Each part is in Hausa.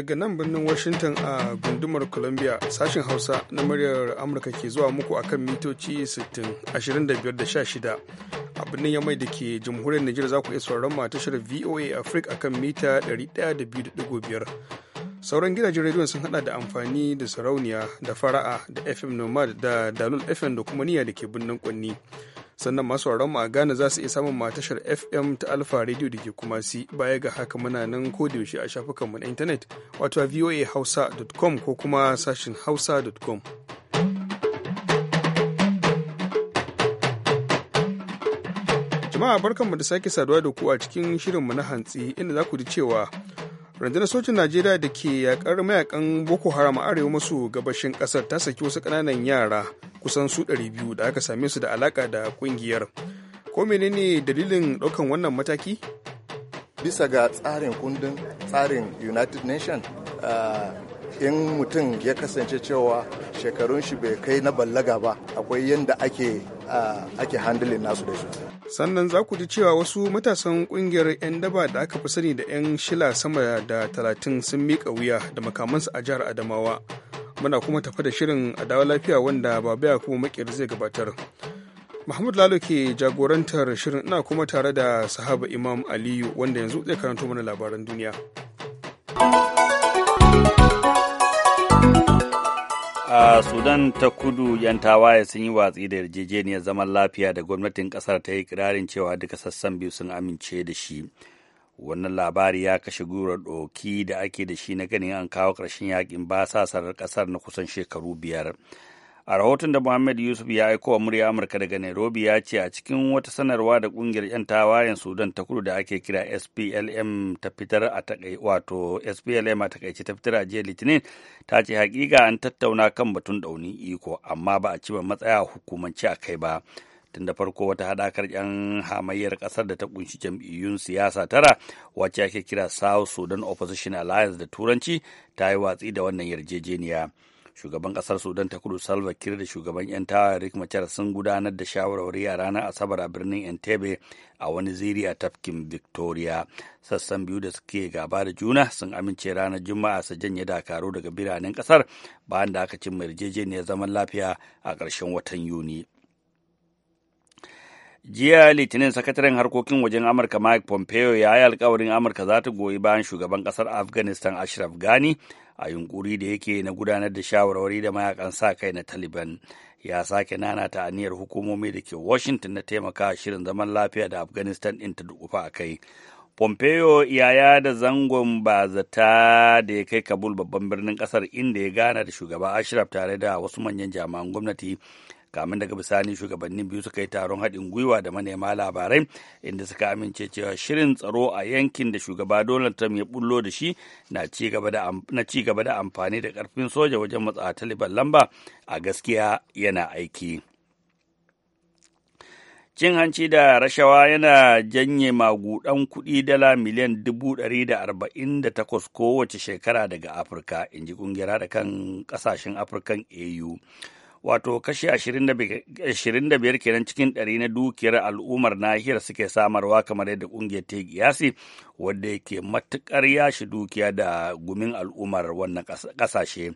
daga nan birnin washington a gundumar columbia sashen hausa na muryar amurka ke zuwa muku akan mitoci 60 25 a birnin yamai da ke jamhuriyar nigeria za ku iya sauran ma tashar voa africa akan mita 102.5 sauran gidajen rediyon sun hada da amfani da sarauniya da fara'a da fm nomad da dalul fm da kuma niyya da ke birnin kwanni sannan masu a Ghana za su iya samun matashar FM ta Alfa Radio da ke kuma si baya ga haka muna nan ko da yaushe a shafukanmu na intanet wato a voahausa.com ko kuma sashin hausa.com. Jama'a barkanmu da sake saduwa da ku a cikin shirinmu na hantsi inda za ku ji cewa rundunar sojin najeriya da ke yakar mayakan boko haram a arewa maso gabashin kasar ta saki wasu ƙananan yara kusan su 200 da aka same su da alaka da kungiyar ko menene dalilin ɗaukan wannan mataki bisa ga tsarin kundin tsarin united nations ah, in mutum ya kasance cewa shekarun shi bai kai na ballaga ba akwai yadda ake ah, ake handling nasu da su sannan za ku ji cewa wasu matasan kungiyar 'yan daba da aka fi sani da 'yan shila sama da talatin sun miƙa wuya da makamansu a jihar adamawa muna kuma tafa da shirin a dawo lafiya wanda babaya kuma makir zai gabatar mahmud lalo ke jagorantar shirin ina kuma tare da sahaba imam aliyu wanda yanzu zai karanto mana labaran duniya a sudan ta kudu yan tawaye sun yi watsi da yarjejeniyar zaman lafiya da gwamnatin kasar ta yi kirarin cewa duka sassan biyu sun amince da shi wannan labari ya kashe gwiwar ɗoki da ake da shi na ganin an kawo ƙarshen yakin sarar ƙasar na kusan shekaru biyar a rahoton da muhammad yusuf ya aiko wa murya amurka daga nairobi ya ce a cikin wata sanarwa da ƙungiyar 'yan tawayen sudan ta kudu da ake kira splm ta fitar a takai wato splm a takaice ta fitar a jiya litinin ta ce hakika an tattauna kan batun ɗauni iko amma ba a ci ba matsaya hukumance a kai ba tun da farko wata haɗakar 'yan hamayyar ƙasar da ta kunshi jam'iyyun siyasa tara wacce ake kira south sudan opposition alliance da turanci ta yi watsi da wannan yarjejeniya shugaban ƙasar sudan ta kudu salva kiir da shugaban 'yan tawa rick machar sun gudanar da shawarwari a ranar asabar a birnin entebbe a wani ziri a tafkin victoria sassan biyu da suke gaba da juna sun amince ranar juma'a su janye dakaru daga biranen ƙasar bayan da aka cimma yarjejeniyar zaman lafiya a ƙarshen watan yuni Jiya Litinin sakataren harkokin wajen Amurka Mike Pompeo ya yi alkawarin Amurka za ta goyi bayan shugaban kasar Afghanistan Ashraf Ghani a yunkuri da yake na gudanar da shawarwari da mayakan sa kai na Taliban. Ya sake nana ta aniyar hukumomi da ke Washington na taimaka shirin zaman lafiya da Afghanistan ɗin ta dukufa a kai. Pompeo yaya da zangon bazata da ya kai Kabul babban birnin kasar inda ya gana da shugaba Ashraf tare da wasu manyan jami'an gwamnati kamin daga bisani shugabannin biyu suka yi taron haɗin gwiwa da manema labarai inda suka amince cewa shirin tsaro a yankin da shugaba donald trump ya bullo da shi na ci gaba da amfani da karfin soja wajen matsa taliban lamba a gaskiya yana aiki. cin hanci da rashawa yana janye magudan kuɗi dala miliyan dubu ɗari da arba'in da takwas kowace shekara daga afirka in ji ƙungiyar da kan ƙasashen afirkan au wato kashi 25 kenan cikin ɗari na dukiyar al'ummar nahiyar suke samarwa kamar yadda ƙungiyar ta yi kiyasi wadda yake matuƙar yashi dukiya da gumin al'ummar wannan ƙasashe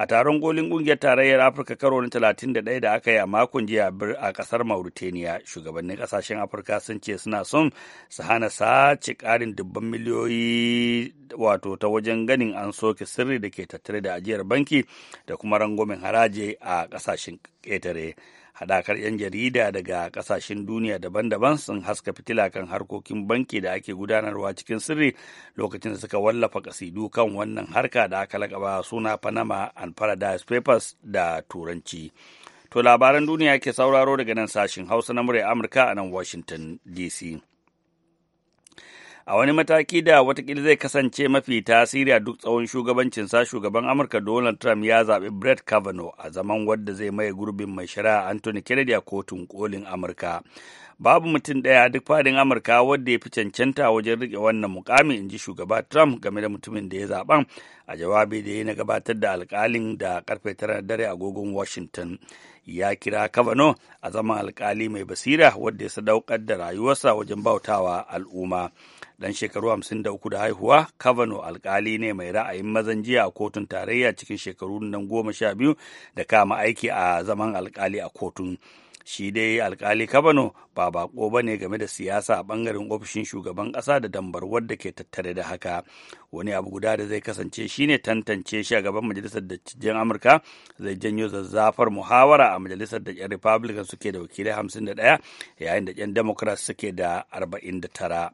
a taron golin kungiyar tarayyar afirka karo na 31 da aka yi a makon jiya a kasar mauritania shugabannin kasashen afirka sun ce suna son su hana sace karin dubban miliyoyi wato ta wajen ganin an soke sirri da ke tattare da ajiyar banki da kuma rangwamen haraji a kasashen ƙetare. haɗakar 'yan jarida daga ƙasashen duniya daban-daban sun haska fitila kan harkokin banki da ake gudanarwa cikin sirri lokacin da suka wallafa kasidu kan wannan harka da aka lakaba suna panama and paradise papers da turanci to labaran duniya ke sauraro daga nan sashen hausa na murya amurka a nan washington dc a wani mataki da watakila zai kasance mafi tasiri a duk tsawon shugabancinsa shugaban amurka donald trump ya zaɓi brett kavanaugh a zaman wadda zai maye gurbin mai shari'a anthony kennedy a kotun kolin amurka babu mutum ɗaya duk fadin amurka wadda ya fi cancanta wajen riƙe wannan mukami in ji shugaba trump game da mutumin da ya zaɓan a jawabi da ya na gabatar da alkalin da karfe tara dare agogon washington ya kira kavano a zama alkali mai basira wadda ya sadaukar da rayuwarsa wajen bautawa al'umma dan shekaru 53 da haihuwa kavano alkali ne mai ra'ayin mazan jiya a kotun tarayya cikin shekaru nan goma sha biyu da kama aiki a zaman alkali a kotun shi dai alkali kabano ba bako ba ne game da siyasa a bangaren ofishin shugaban kasa da dambar da ke tattare da haka wani abu guda da zai kasance shi ne tantance shi a gaban majalisar dattijan amurka zai janyo zazzafar muhawara a majalisar da 'yan republican suke da wakilai 51 yayin da 'yan democrat suke da 49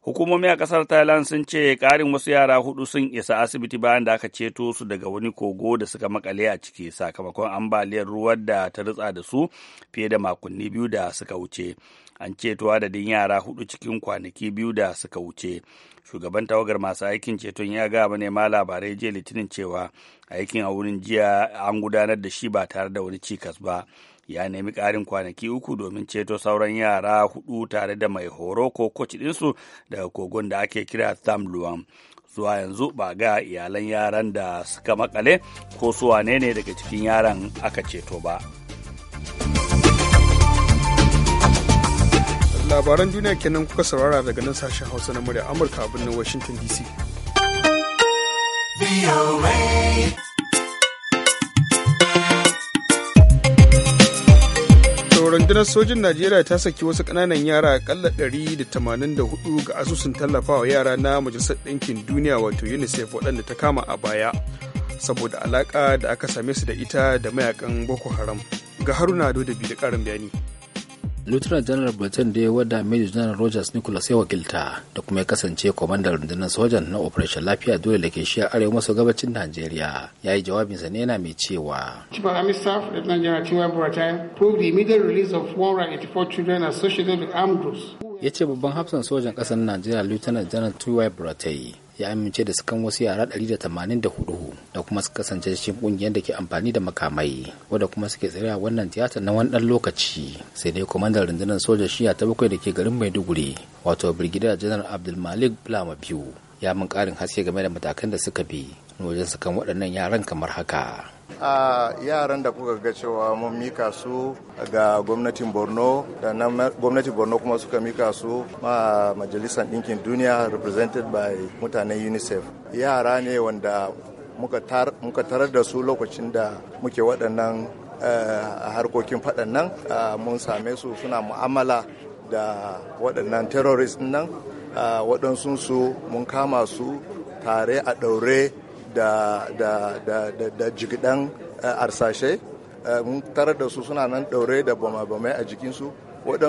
Hukumomi a ƙasar Thailand sun ce karin wasu yara hudu sun isa asibiti bayan da aka ceto su daga wani kogo da suka makale a ciki sakamakon ambaliyar ruwan da ta ritsa da su fiye da makonni biyu da suka wuce. An ceto adadin yara hudu cikin kwanaki biyu da suka wuce. Shugaban tawagar masu aikin ceton ya ga manema labarai jiya litinin cewa aikin a wurin jiya an gudanar da shi ba tare da wani cikas ba. ya nemi ƙarin kwanaki uku domin ceto sauran yara hudu tare da mai horo ko koci ɗinsu daga kogon da ake kira luwan Zuwa yanzu ba ga iyalan yaran da suka makale ko su wanene ne daga cikin yaran aka ceto ba. Labaran duniya kenan kuka saurara daga nan sashen Hausa na murya Amurka a birnin Washington DC. rundunar sojin najeriya ta saki wasu ƙananan yara akalla hudu ga asusun tallafawa yara na majalisar ɗinkin duniya wato unicef waɗanda ta kama a baya saboda alaƙa da aka same su da ita da mayakan boko haram ga haruna ado da bi da ƙarin bayani lieutenant janar britain da ya wada major general rogers nicholas ya wakilta da kuma ya kasance kwamandan rundunar sojan na operation lafiya dole da ke shi a arewa maso gabacin nigeria ya yi jawabinsa ne yana mai cewa of ya ce babban hafsan sojan ƙasar najeriya lieutenant general tuwai buratai ya amince da sukan wasu yara 184 da kuma su kasance cikin kungiyar da ke amfani da makamai wadda kuma suke tsira wannan tiyatar na wani dan lokaci sai dai kwamandan rundunar soja shiya ta bakwai da ke garin maiduguri wato brigadier janar abdulmalik blama biyu ya min karin haske game da matakan da suka bi wajen sukan waɗannan yaran kamar haka a yaran da kuka ga cewa mun mika su ga gwamnatin borno da na gwamnatin borno kuma suka mika su ma majalisar ɗinkin duniya represented by mutanen unicef yara ne wanda muka tarar da su lokacin da muke waɗannan eh, harkokin faɗan nan mun same su suna mu'amala da waɗannan terrorist nan waɗansu su mun kama su tare a ɗaure da, da, da, da, da jigidan eh, arsashe eh, mun tarar da su suna nan daure da bama-bamai a jikinsu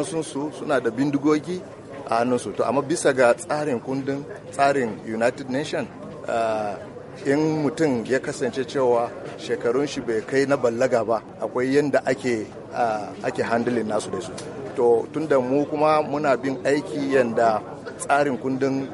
su suna da bindigogi a hannunsu to amma bisa ga tsarin kundin tsarin united nation eh, in mutum ya kasance cewa shekarun shi bai kai na ballaga ba akwai yadda ake ake handling nasu da su to tunda mu kuma muna bin aiki yadda tsarin kundin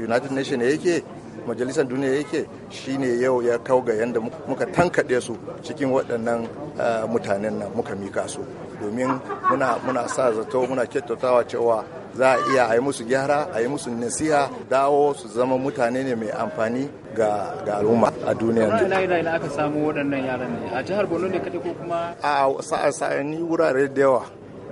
united nation yake majalisar duniya yake shine yau ya kau ga yadda muka tankaɗe su cikin waɗannan eh, mutanen nan muka mika su domin muna sa zato muna kyautatawa cewa za a iya a yi musu gyara a musu nasiha dawo su zama mutane ne mai amfani ga al'umma a duniya ina ne a jihar a sa'a sa'a ni wurare da yawa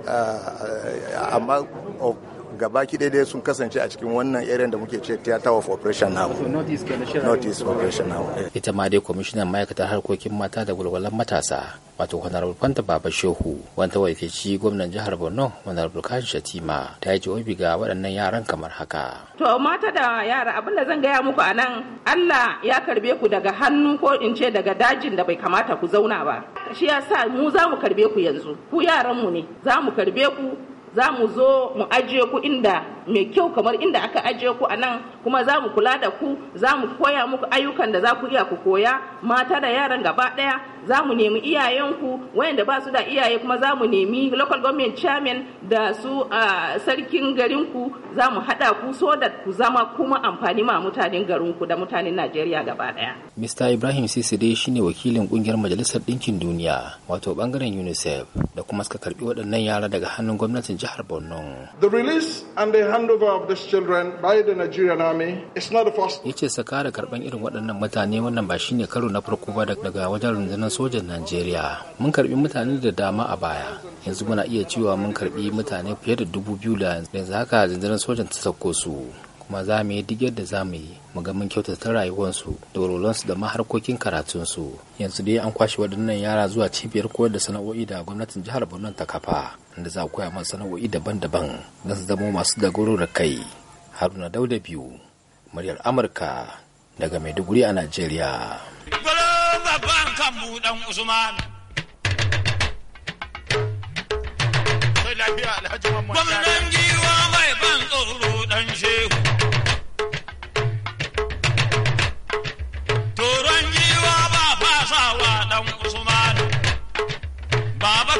eh, eh, amma oh, gabaki daidai sun kasance a cikin wannan area da muke ce theater of operation now notice operation now ita ma dai kwamishinan ma'aikatar harkokin mata da walwalan matasa wato honorable fanta baba shehu wanda ci gwamnan jihar borno honorable kashi shatima ta yi jawabi ga waɗannan yaran kamar haka to mata da yara abin da zan gaya muku a nan allah ya karbe ku daga hannu ko in ce daga dajin da bai kamata ku zauna ba shi sa mu za mu karbe ku yanzu ku yaran mu ne za mu karbe ku za mu zo mu ajiye ku inda mai kyau kamar inda aka ajiye ku a nan kuma za mu kula da ku za mu koya muku ayyukan da za ku iya ku koya mata da yaran gaba daya za mu nemi iyayenku wayanda ba su da iyaye kuma za mu nemi local government chairman da su a sarkin garinku za mu haɗa ku so da ku zama kuma amfani ma mutanen garinku da mutanen najeriya gaba daya mr ibrahim sisi dai shine wakilin kungiyar majalisar ɗinkin duniya wato bangaren unicef da kuma suka karbi waɗannan yara daga hannun gwamnatin jihar borno the release and the handover of these children by the nigerian army ya ce kara karban irin waɗannan mutane wannan ba shine karo na farko ba daga wajen rundunar sojan najeriya mun karbi mutane da dama a baya yanzu muna iya cewa mun karbi mutane fiye da dubu biyu da yanzu haka rundunar sojan ta sauko su kuma za mu yi duk yadda za mu yi mu ga mun kyautata rayuwarsu da walwalansu da ma harkokin karatunsu yanzu dai an kwashe waɗannan yara zuwa cibiyar koyar da sana'o'i da gwamnatin jihar borno ta kafa inda za a koya masu sana'o'i daban-daban don su zama masu dagoro da kai haruna dauda biyu muryar amurka daga maiduguri a najeriya gwamnan giwa mai ban tsoro dan shehu toron giwa ba fasawa dan usman baba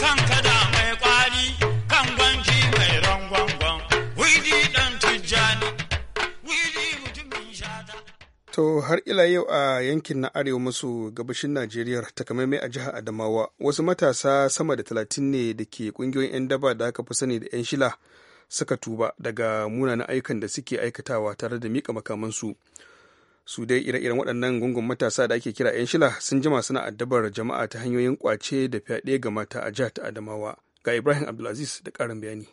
To har ila yau a yankin na arewa maso gabashin Najeriya takamaimai a jihar Adamawa wasu matasa sama da talatin ne da ke kungiyoyin 'yan daba da aka fi sani da 'yan shila suka tuba daga munanan ayyukan da suke aikatawa tare da mika makamansu. Su dai ire-iren waɗannan gungun matasa da ake kira 'yan shila sun jima suna addabar jama'a ta hanyoyin kwace da fyaɗe ga mata a jihar ta Adamawa. Ga Ibrahim Abdulaziz da ƙarin bayani.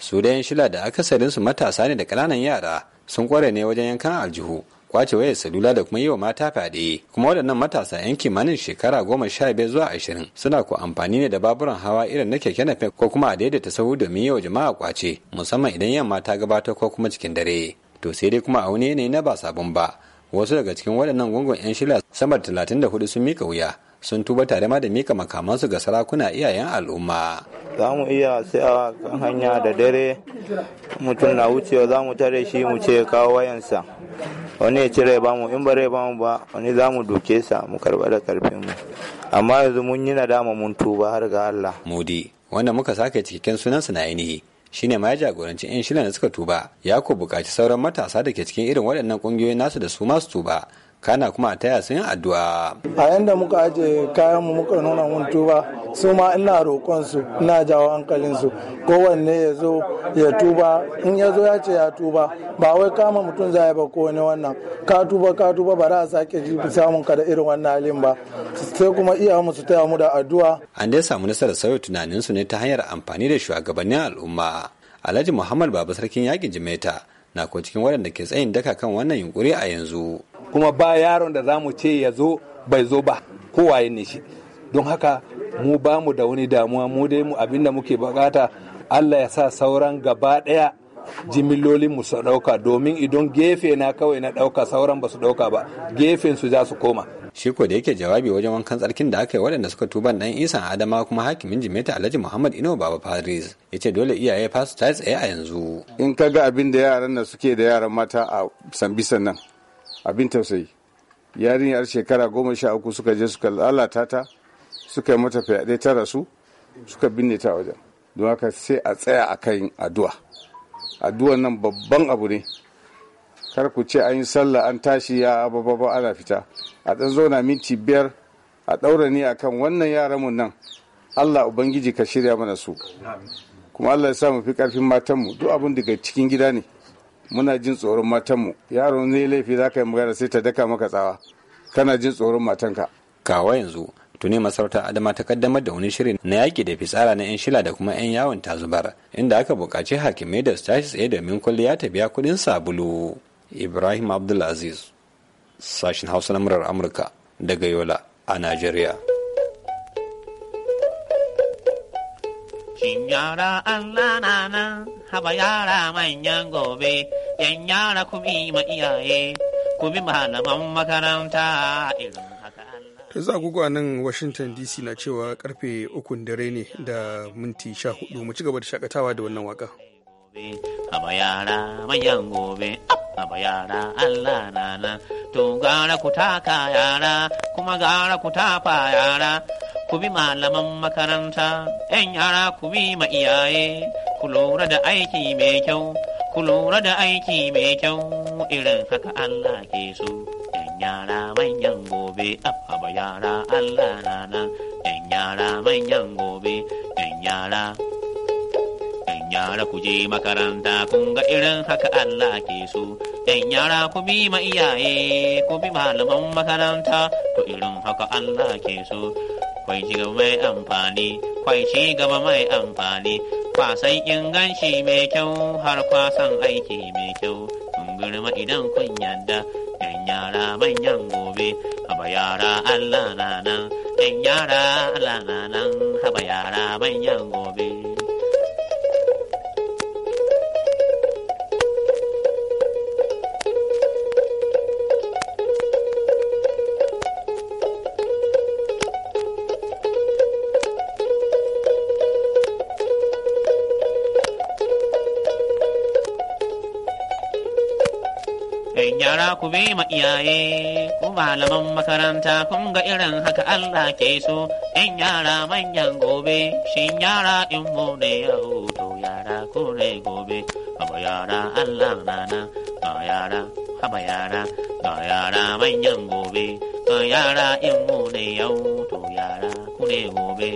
Su da 'yan shila da akasarinsu matasa ne da kananan yara sun kware ne wajen yankan aljihu kwace wayar salula da kuma yi wa mata fyaɗe kuma waɗannan matasa yan kimanin shekara goma sha biyar zuwa ashirin suna ko amfani ne da baburan hawa irin na keke nafe ko kuma a daidaita sahu domin yi jama'a kwace musamman idan yamma ta gabatar ko kuma cikin dare to sai dai kuma a wani yanayi na ba sabon ba wasu daga cikin waɗannan gungun yan shila sama da talatin da hudu sun mika wuya sun tuba tare ma da mika makamansu ga sarakuna iyayen al'umma. Za mu iya tsayawa kan hanya da dare mutum na wucewa za mu tare shi mu ce kawo wayansa. Wani ya cire ba mu in bare ba mu ba wani za mu duke sa mu karba da karfin mu. Amma yanzu mun yi nadama mun tuba har ga Allah. Mudi, wanda muka sake cikakken sunansa na ainihi shine ma ya jagoranci 'yan shirin da suka tuba ya ku buƙaci sauran matasa da ke cikin irin waɗannan ƙungiyoyin nasu da su masu tuba kana kuma a taya yin addu'a. A yanda muka aje kayan mu muka nuna mun tuba su ma ina roƙon su ina jawo hankalin su kowanne ya zo ya tuba in ya zo ya ce ya tuba ba wai kama mutum zai ba ko wani wannan ka tuba ka tuba ba za a sake samun ka da irin wannan halin ba sai kuma iya mu su taya mu da addu'a. An dai samu nasarar sauya tunanin su ne ta hanyar amfani da shugabannin al'umma. Alhaji Muhammad Baba Sarkin Yakin Jimeta na ko cikin waɗanda ke tsayin daka kan wannan yunkuri a yanzu. kuma ba yaron da za mu ce ya zo bai zo ba kowaye ne shi don haka mu ba mu da wani damuwa mu dai mu abin da muke bukata allah ya sa sauran gaba daya jimiloli mu su dauka domin idan gefe na kawai na dauka sauran ba su dauka ba gefen su za su koma shi ko da yake jawabi wajen wankan tsarkin da aka yi waɗanda suka tuban dan isan adama kuma hakimin jimeta alhaji muhammad ino baba faris ya ce dole iyaye fasu ta tsaye a yanzu in ka ga abin da yaran da suke da yaran mata a sambisan nan abin tausayi yarinyar shekara goma sha uku suka je suka lalata ta suka yi mata fyaɗe ta rasu suka binne ta wajen don haka sai a tsaya a kan addu'a addu'a nan babban abu ne kar ku ce an yi sallah an tashi ya bababa ana fita a ɗan zauna minti biyar a ɗaura ne kan wannan yaran mu nan allah ubangiji ka shirya mana su kuma allah ya sa mu fi ƙarfin matanmu duk abin daga cikin gida ne muna jin tsoron matanmu yaron zai laifi za ka yi magana sai ta daka maka tsawa kana jin tsoron matanka kawa yanzu tuni masarautar adama ta kaddamar da wani shirin na yaƙi da fitsara na 'yan shila da kuma 'yan yawon tazubar inda aka buƙaci hakimai da su tashi tsaye domin kwalliya ta biya kuɗin sabulu ibrahim abdulaziz sashen hausa na murar amurka daga yola a najeriya Shin yara Allah na nan, haba yara manyan gobe, yan yara ku bi ma iyaye, ku malaman makaranta irin haka Allah. Yanzu agogo a nan Washington DC na cewa karfe ukun dare ne da minti sha hudu mu ci gaba da shakatawa da wannan waka. Haba yara manyan gobe, yara Allah to gara ku taka yara, kuma gara ku tafa yara. ku bi malaman makaranta, ‘yan yara ku bi ma iyaye, ku lura da aiki mai kyau, ku lura da aiki mai kyau, irin haka Allah ke so. ‘Yan yara manyan gobe, abba yara Allah nan, ‘yan yara manyan gobe, ‘yan yara. ‘Yan yara ku je makaranta, kun ga irin haka Allah ke so. ‘Yan yara ku bi ma iyaye, ku bi malaman makaranta, to irin haka Allah ke so. kwai ci gaba mai amfani kwai ci gaba mai amfani kwasan inganci mai kyau har kwasan aiki mai kyau kun girma idan kun yadda yan yara manyan gobe haba yara Allah na nan yan yara Allah na nan haba yara manyan gobe ku bi ma iyaye ku malaman makaranta kun ga irin haka Allah ke so in yara manyan gobe shin yara in mu ne yau to yara ku ne gobe haba yara Allah nana ba yara haba yara ba yara manyan gobe ga yara in mu ne yau to yara ku ne gobe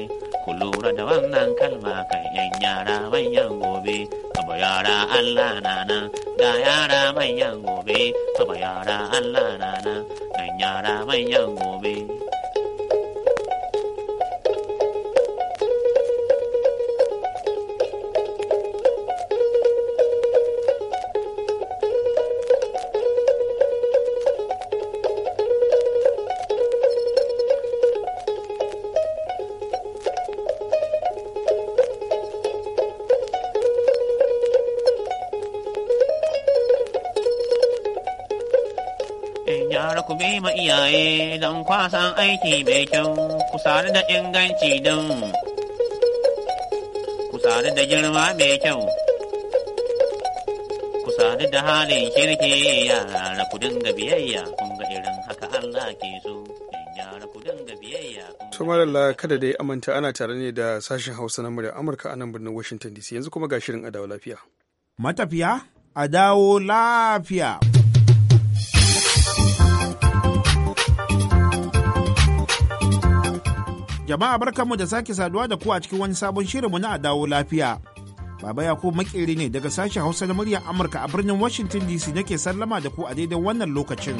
ku lura da wannan kalma kan yan yara manyan gobe abu yara Allah nana ga yara manyan gobe saba yara Allah rana, dan yara manyan gobe. bi ma iyaye don kwasan aiki mai kyau kusare da inganci don kusare da girma mai kyau kusare da halin kirki yara ku dinga biyayya kun ga irin haka Allah ke so yara ku dinga biyayya tumaralla kada dai amanta ana tare ne da sashen hausa na murya amurka a nan birnin washington dc yanzu kuma ga shirin adawa lafiya matafiya a dawo lafiya Jama'a barkanmu da sake saduwa da ku a cikin wani sabon shirin mu na a dawo lafiya. Baba Yakubu makeri ne daga sashen Hausa na muryar Amurka a birnin Washington DC nake sallama da ku a daidai wannan lokacin.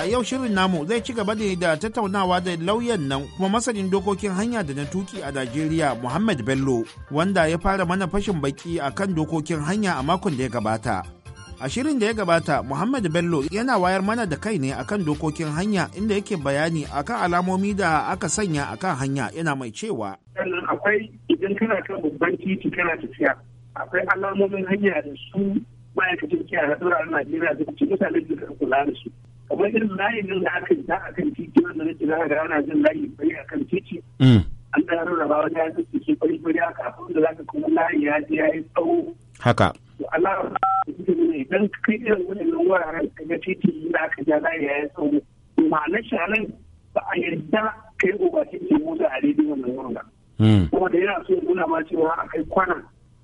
a yau shirin namu zai ci gaba ne da tattaunawa da lauyan nan kuma masanin dokokin hanya da na tuki a Najeriya Muhammad Bello wanda ya fara mana fashin baki kan dokokin hanya a makon da ya gabata. A shirin da ya gabata, Muhammad Bello yana wayar mana da kai ne akan dokokin hanya inda yake bayani akan alamomi da aka sanya akan hanya yana mai cewa. akwai idan kana kan babban titi kana tafiya, akwai alamomin hanya da su ma'aikatan kiyaye haɗura na Najeriya da ci mutane da kan kula da su. Kamar irin layin nan da aka yi a kan titi wanda nake za ga ana jin layi bari a kan titi. Mm. An da rarraba wani ya zuci shi bari haka abin da za ka kuma layi ya je ya yi tsawo. Haka. alama idan kai irin wani wannan wuraren ka ga titi da aka ja za ya yi sauri ma'anar shanan ba a yarda kai uba titi motsa a daidai wannan wurin ba. Hmm. kuma da yana so ya nuna ma cewa a kai kwana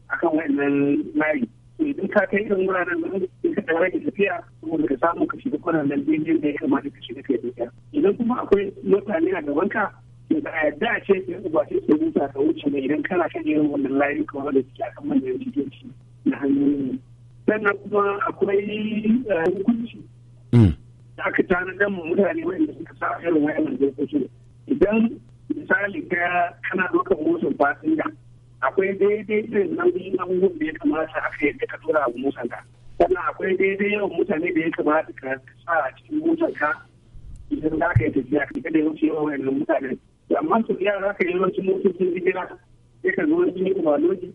a kan wannan layi idan ka kai irin wuraren da ka da tafiya saboda ka samu ka shiga kwanan nan daidai da ya kamata ka shiga kai tafiya idan kuma akwai mutane a gaban ka da yadda a ce ka uba titi motsa ka wuce ne idan kana kan irin wannan layi kamar da suke akan manyan titi na hanyoyi sannan kuma akwai eh, hukunci mm. da aka tanadar mu mutane wanda suka sa irin wayannan dokoki idan misali ka kana doka motsin fasinja akwai daidai irin nauyin abubuwan da ya kamata kai yadda ka tura a motar ka sannan akwai daidai yawan mutane da ya kamata ka sa a cikin motar ka idan za ka yi tafiya ka kada yawanci yawan wayannan mutane amma su yara za ka yi yawancin motocin jigila sai ka zo wani ne kuma loji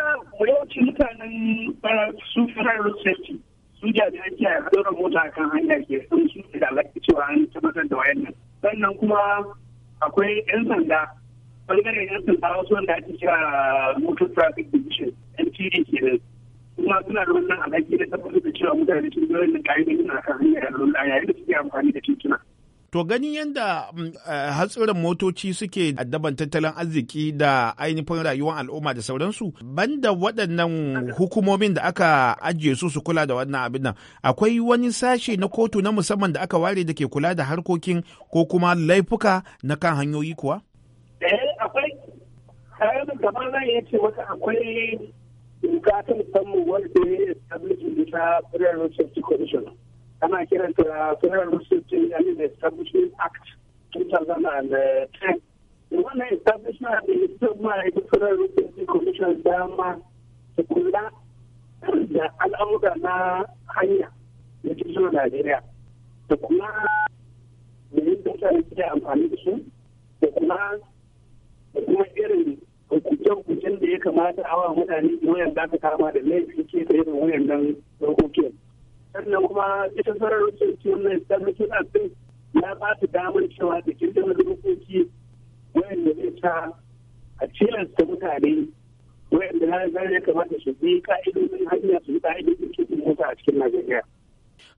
yawanci mutanen su federal road safety su jami'an a haɗuran mota kan hanya ke sun su da alaƙa cewa an tabbatar da nan sannan kuma akwai 'yan sanda ɓangaren 'yan sanda wasu wanda ake cewa motor traffic division mtd nan kuma suna da wannan alaƙi da tabbatar da cewa mutane sun zo da ƙa'idodin a kan hanya yayin da suke amfani da tituna To ganin yadda mm, eh, hatsuran motoci suke addaban tattalin arziki da ainihin rayuwar al'umma da sauransu, banda waɗannan hukumomin da aka ajiye su su kula da wannan abin nan, akwai wani sashe na kotu na musamman da aka ware da ke kula da harkokin ko kuma laifuka na kan hanyoyi kuwa? Eh, akwai. zan maka akwai doka ta wanda ya ta Federal safety Commission. ana kiranta federal research and establishment act 2010 wannan establishment da ya ma federal research commission dama su kula da al'amura na hanya da ke zuwa najeriya da kuma da yadda mutane suke amfani da su da kuma da kuma irin hukuncen-hukuncen da ya kamata awa mutane wayan da aka kama da laifin ke da irin wayan nan dokokin sannan kuma ita sararin sarki wannan damar ya ba su damar cewa da kirgin dokoki wayanda zai ta a ta mutane wayanda na zai kamata su bi ka'idodin hanya su bi ka'idodin cikin mota a cikin najeriya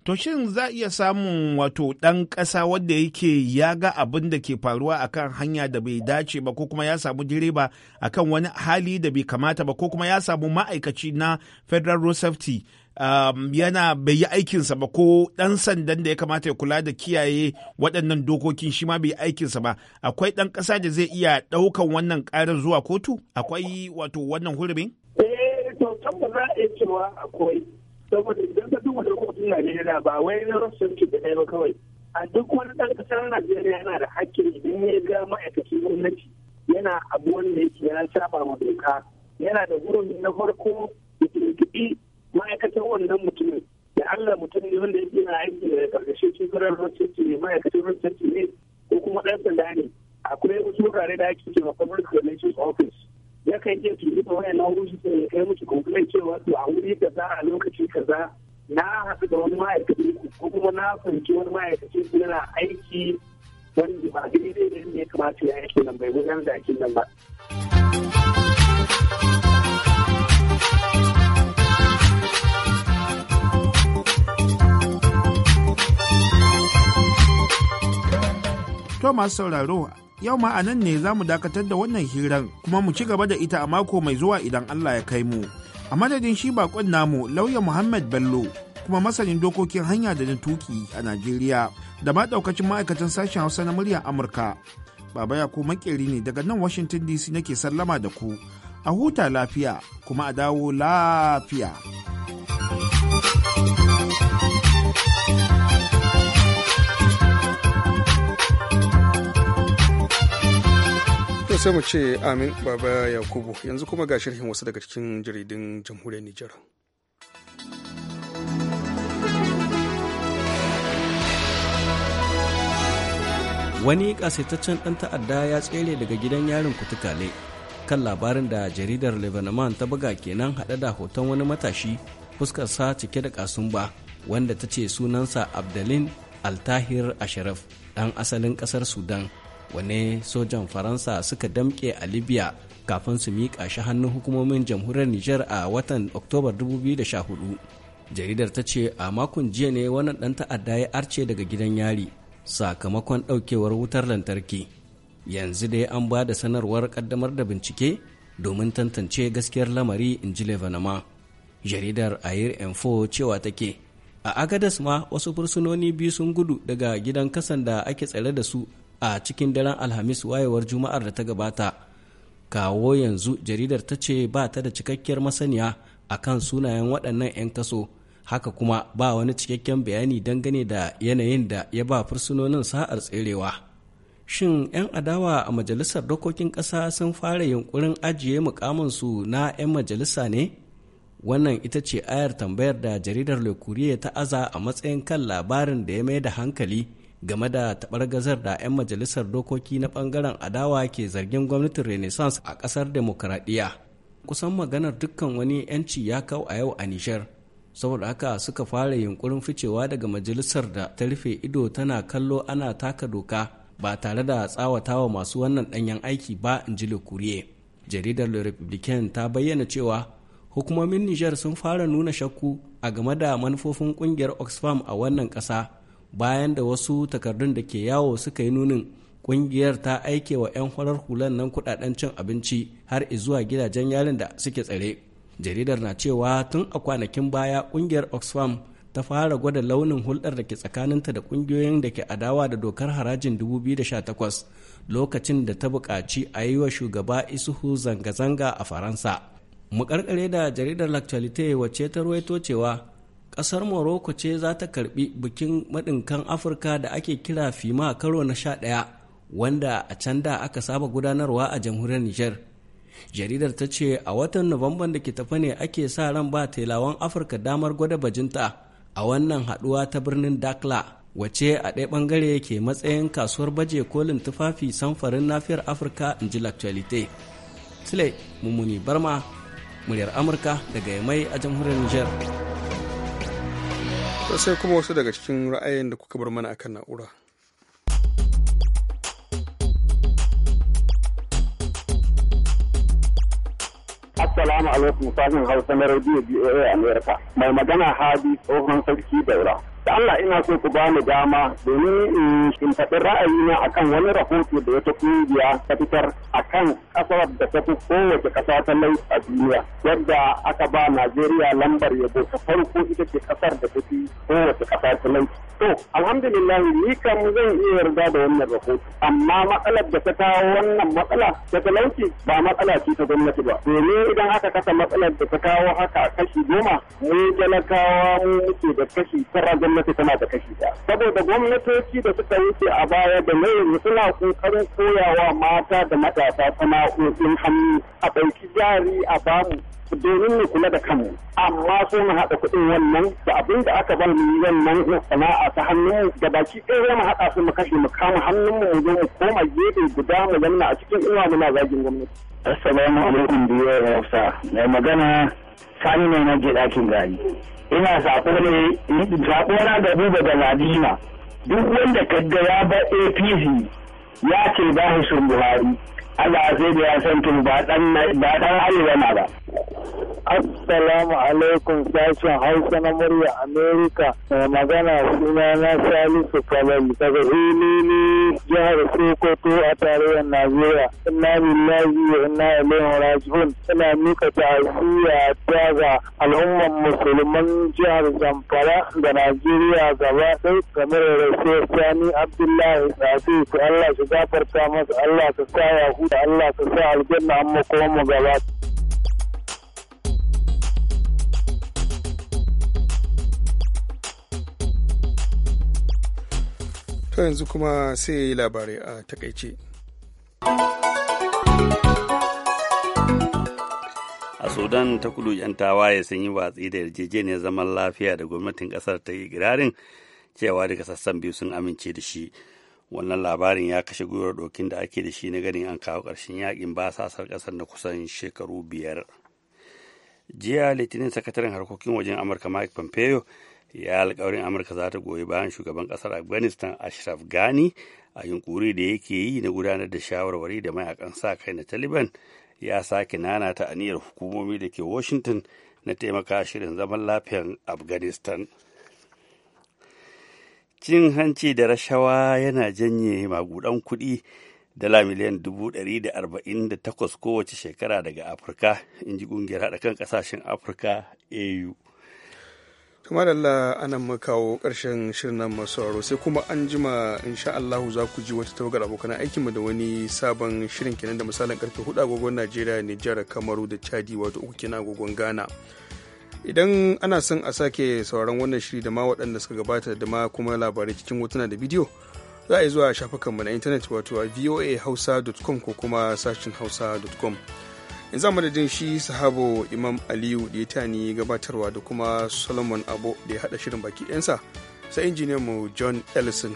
To shin za iya samun wato ɗan ƙasa wadda yake ya ga abin da ke faruwa akan hanya da bai dace ba ko kuma ya samu direba akan wani hali da bai kamata ba ko kuma ya samu ma'aikaci na Federal Road Safety um, yana bai yi aikinsa ba ko ɗan sandan da ya kamata ya kula da kiyaye waɗannan dokokin shi ma bai yi aikinsa ba akwai ɗan ƙasa da zai iya ɗaukan wannan ƙarar zuwa kotu akwai wato wannan hurumin? eh to kan za a iya cewa akwai saboda idan ka duba dokokin Najeriya ba wai na rashin ci da ba kawai a duk wani ɗan ƙasar Najeriya yana da hakkin idan ya ga ma'aikacin gwamnati yana abu wanda yake ya saba ma doka yana da hurumi na farko da ma'aikatar wannan mutumin da Allah mutum ne wanda yake na aiki da karkashin shugaban rocinci ne ma'aikacin rocinci ne ko kuma ɗan sanda ne akwai wasu wurare da ake cewa public relations office ya kan iya tuɗi da wayan wurin da ya kai musu complain cewa to a wuri kaza a lokaci kaza na haɗu da wani ma'aikaci ko kuma na fahimci wani ma'aikaci yana aiki wani ba daidai da ya kamata ya aiki nan bai gudanar da aikin nan ba. To masu sauraro, yau ma a nan ne za mu dakatar da wannan hirar kuma mu ci gaba da ita a mako mai zuwa idan Allah ya kai mu. A madadin shi bakon namu lauya Muhammad Bello kuma masanin dokokin hanya da na tuki a Najeriya da ma daukacin ma'aikatan sashen Hausa na muryar Amurka. Baba ya makeri ne daga nan Washington DC nake sallama da ku. A huta lafiya kuma a dawo lafiya. sai mu ce amin baba yakubu yanzu kuma ga sharhin wasu daga cikin jaridun jamhuriyar nijar wani kasaitaccen ɗan ta'adda ya tsere daga gidan yarin kutukale kan labarin da jaridar lebanon ta buga kenan haɗe da hoton wani matashi fuskarsa cike da kasumba wanda ta ce sunansa abdalin altahir asharaf ɗan asalin ƙasar sudan wane sojan faransa suka damƙe a libya kafin su miƙa shi hannun hukumomin jamhuriyar niger a watan oktobar 2014 jaridar ta ce a makon jiya ne wannan ɗan ta'adda ya arce daga gidan yari sakamakon ɗaukewar wutar lantarki yanzu dai an ba da sanarwar ƙaddamar da bincike domin tantance gaskiyar lamari in ji levanama jaridar ayir info cewa take a agadas ma wasu fursunoni biyu sun gudu daga gidan kasan da ake tsare da su a cikin daren alhamis wayewar juma'ar da ta gabata kawo yanzu jaridar ta ce ba ta da cikakkiyar masaniya a kan sunayen waɗannan 'yan kaso haka kuma ba wani cikakken bayani dangane da yanayin da ya ba fursunonin sa'ar tserewa shin 'yan adawa a majalisar dokokin ƙasa sun fara yunkurin ajiye mukamansu na 'yan majalisa ne wannan ita ce ayar tambayar da jaridar le ta aza a matsayin kan labarin da ya mai da hankali game da tabar gazar da 'yan majalisar dokoki na bangaren adawa ke zargin gwamnatin renaissance a kasar demokaradiyya kusan maganar dukkan wani 'yanci ya kau a yau a nishar saboda haka suka fara yunkurin ficewa daga majalisar da ta rufe ido tana kallo ana taka doka ba tare da tsawatawa masu wannan danyen aiki ba in ji kuriye jaridar le republican ta bayyana cewa hukumomin nijar sun fara nuna shakku a game da manufofin kungiyar oxfam a wannan ƙasa bayan da wasu takardun da ke yawo suka yi nunin kungiyar ta aike wa 'yan farar hulan nan kudaden cin abinci har zuwa gidajen yarin da suke tsare jaridar na cewa tun a kwanakin baya kungiyar oxfam ta fara gwada launin hulɗar da ke tsakaninta da ƙungiyoyin da ke adawa da dokar harajin 2018 lokacin da ta buƙaci a yi wa shugaba isuhu zanga-zanga a faransa mu karkare da jaridar l'actualité wacce ta ruwaito cewa Ƙasar Morocco ce za ta karbi bikin maɗinkan Afirka da ake kira FIMA karo na sha ɗaya, wanda a can da aka saba gudanarwa a jamhuriyar Nijar. Jaridar ta ce a watan Nuwamban da ke tafa ne ake sa ran ba telawan Afirka damar gwada bajinta a wannan haɗuwa ta birnin Dakla. wace a ɗaya ɓangare ke matsayin kasuwar baje kolin tufafi samfarin nafiyar afirka in ji lactualite Tile, mummuni barma muryar amurka daga yamai a jamhuriyar niger sosai sai kuma wasu daga cikin ra'ayin da kuka bar mana akan na'ura Assalamu alaikum sashen Hausa na Radio BOA America. Mai magana Hadi tsohon sarki Daura. da Allah ina so ku bani dama domin in faɗi ra'ayina akan wani rahoto da wata kungiya ta fitar kan kasar da ta fi kowace ƙasa ta lai a duniya yadda aka ba Najeriya lambar yabo ta farko ita ce ƙasar da ta fi kowace ƙasa ta lai. To alhamdulillah ni kan zan iya yarda da wannan rahoto amma matsalar da ta kawo wannan matsala ta talauci ba matsala ce ta gwamnati ba domin idan aka kasa matsalar da ta kawo haka kashi goma mu talakawa mu muke da kashi tara gwamnati tana da kashi ɗaya saboda gwamnatoci da suka wuce a baya da yanzu suna kokarin koyawa mata da matasa sana'o'in hannu a ɗauki jari a bamu domin mu kula da kanmu amma so mu haɗa kuɗin wannan da abin da aka ba mu wannan sana'a ta hannu da baki ɗaya mu haɗa su mu kashe mu kama hannun mu zo mu koma gefe guda mu zanna a cikin inuwa muna zagin gwamnati assalamu alaikum biyar hausa mai magana sani ne na ke ɗakin gari ina sako ne sako na buga da ladina duk wanda kadda ya ba apc ya ce ba shi sun buhari Allah sai da ya san tun ba dan arewa na ba Assalamu alaikum sashen Hausa na murya Amerika mai magana suna na Salisu Kalal daga Hilili jihar Sokoto a tarayyar Najeriya. Ina billahi wa ina ilaihi raji'un. Ina mika ta'aziyya ta ga al'ummar musulman jihar Zamfara da Najeriya gaba ɗaya game da Sani Abdullahi Sadi ku Allah ka gafarta masa Allah ka sa ya huta Allah ka sa aljanna amma kuma mu gaba. to yanzu kuma sai yi labarai a takaice a sudan ta kudu yan tawaye sun yi watsi da yarjejeniyar zaman lafiya da gwamnatin kasar ta yi girarin cewa daga sassan biyu sun amince da shi wannan labarin ya kashe gwiwar dokin da ake da shi na ganin an kawo ƙarshen yakin basasar ƙasar na kusan shekaru biyar jiya litinin sakataren harkokin wajen amurka mike pompeo ya alkawarin amurka za ta goyi bayan shugaban ƙasar afghanistan ashraf ghani a yunkuri da yake yi na gudanar da shawarwari da mayakan sa kai na taliban ya sake nanata aniyar hukumomi da ke washington na taimaka shirin zaman lafiyan afghanistan cin hanci da rashawa yana janye magudan kuɗi dala miliyan 148 kowace shekara daga afirka in ji ƙungiyar haɗa kan ƙasashen afirka au kamar Allah anan mu kawo ƙarshen shirin nan masu sauraro sai kuma an jima insha Allah za ku ji wata tawagar abokan mu da wani sabon shirin kenan da misalin karfe 4 agogon Najeriya Nijar Kamaru da Chadi wato uku kenan agogon Ghana idan ana son a sake sauraron wannan shiri da ma waɗanda suka gabata da ma kuma labarai cikin hotuna da bidiyo za a yi zuwa shafukanmu na intanet wato a voahausa.com ko kuma sashin hausa.com yanzu mu da shi sahabo imam aliyu da ya tani gabatarwa da kuma solomon abu da ya hada shirin baki yansa sai injiniyan mu john ellison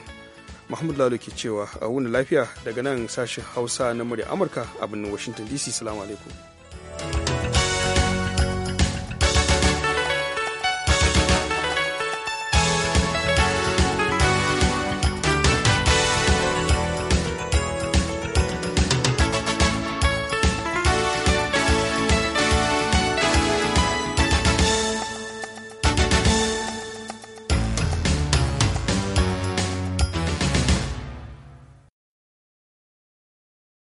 mahmud lalo ke cewa a wuni lafiya daga nan sashen hausa na murya amurka a birnin washington dc salamu alaikum